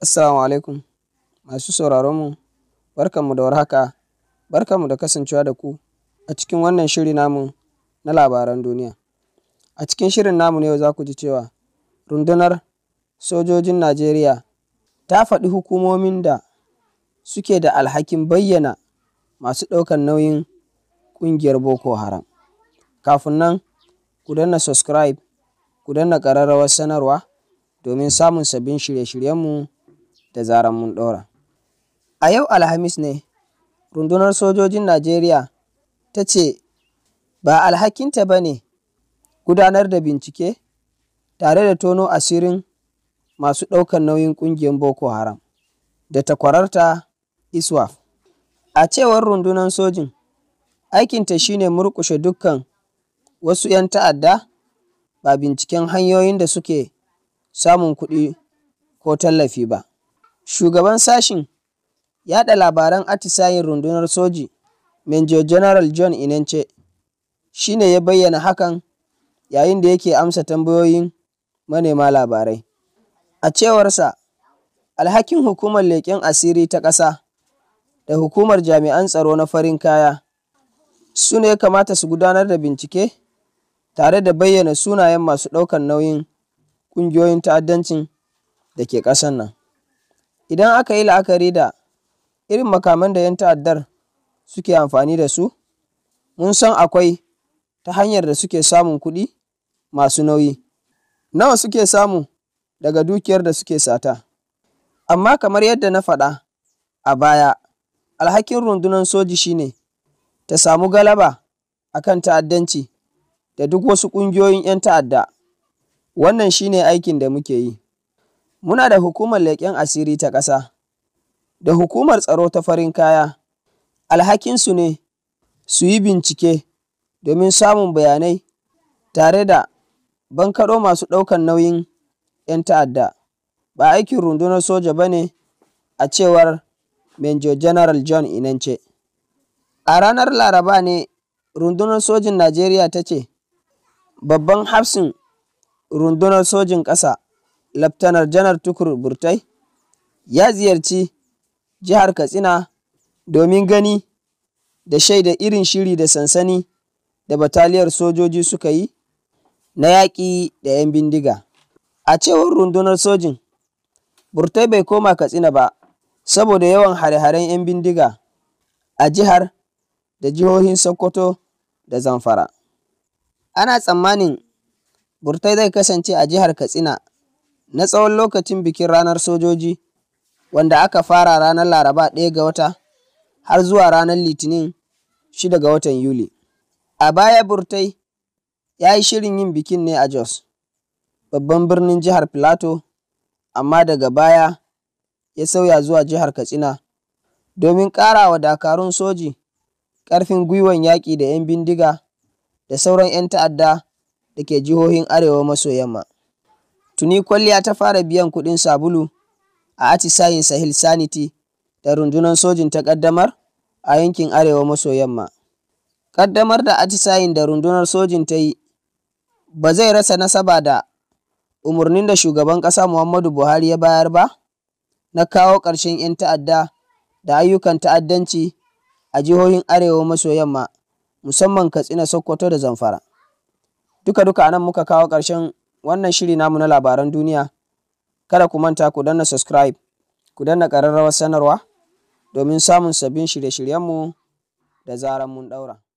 Assalamu alaikum masu sauraron mu, barkanmu da warhaka, barkanmu da kasancewa da ku a cikin wannan shiri namu na labaran duniya. A cikin shirin namu yau za ku ji cewa rundunar sojojin Najeriya ta faɗi hukumomin da suke da alhakin bayyana masu ɗaukar nauyin ƙungiyar Boko Haram. Kafin nan, ku danna subscribe, ku danna ƙararrawar sanarwa domin samun sabbin shirye-shiryenmu. da zaran mun ɗora. A yau Alhamis ne, rundunar sojojin Najeriya ta ce ba alhakinta ba ne gudanar da bincike tare da tono asirin masu ɗaukar nauyin ƙungiyar Boko Haram da takwararta ISWAF. A cewar rundunar sojin, aikinta shine murƙushe dukkan wasu 'yan ta'adda ba binciken hanyoyin da suke samun kuɗi ko tallafi ba. Shugaban Sashen Yaɗa Labaran atisayin Rundunar Soji, Major General John Inance shine ya bayyana hakan yayin da yake amsa tambayoyin manema labarai. A cewarsa, alhakin Hukumar Leƙen Asiri ta Ƙasa da Hukumar Jami'an Tsaro na Farin Kaya su ne ya kamata su gudanar da bincike tare da bayyana sunayen masu ɗaukar nauyin ƙungiyoyin ta'addancin da ke ƙasar nan. Idan aka yi la'akari da irin makaman da 'yan ta'addar suke amfani da su, mun san akwai ta hanyar da suke samun kuɗi masu nauyi. Nawa suke samu daga dukiyar da suke sata? Amma kamar yadda na faɗa a baya, alhakin rundunar soji shine ta samu galaba a kan ta'addanci da duk wasu ƙungiyoyin 'yan ta'adda. Wannan shine aikin da muke yi. Muna da Hukumar Leƙen Asiri ta Ƙasa da Hukumar Tsaro ta Farin Kaya, alhakinsu ne su yi bincike domin samun bayanai tare da bankaro masu ɗaukar nauyin 'yan ta'adda, ba aikin rundunar soja ba ne a cewar Major General John inance A ranar Laraba ne rundunar sojin Najeriya ta ce, Babban hafsin rundunar sojin ƙasa. Laftanar Janar Tukur Burtai ya ziyarci jihar Katsina domin gani da shaida irin shiri da sansani da bataliyar sojoji suka yi na yaƙi da 'yan bindiga. A cewar rundunar sojin, Burtai bai koma Katsina ba saboda yawan hare-haren 'yan bindiga a jihar da jihohin Sokoto da Zamfara. Ana tsammanin Burtai zai kasance a jihar Katsina na tsawon lokacin bikin ranar sojoji wanda aka fara ranar Laraba ɗaya ga wata har zuwa ranar Litinin shida ga watan Yuli. A baya Burtai ya yi shirin yin bikin ne a Jos, babban birnin jihar plateau amma daga baya ya sauya zuwa jihar Katsina domin ƙara wa dakarun soji ƙarfin gwiwan yaƙi da 'yan bindiga da sauran 'yan ta'adda da ke jihohin Arewa maso yamma. Tuni kwalliya ta fara biyan kuɗin sabulu a atisayen sahil Sanity da Rundunar Sojin ta ƙaddamar a yankin Arewa maso Yamma. Ƙaddamar da atisayin da Rundunar Sojin ta yi ba zai rasa nasaba da umarnin da Shugaban ƙasa Muhammadu Buhari ya bayar ba na kawo ƙarshen 'yan ta'adda da ayyukan ta'addanci a jihohin Arewa maso Yamma, musamman Katsina, Sokoto da Zamfara. Duka-duka nan muka kawo ƙarshen wannan shiri namu na labaran duniya kada ku manta ku danna subscribe ku danna ƙararrawar sanarwa domin samun sabbin shirye-shiryenmu da zaran mun ɗaura.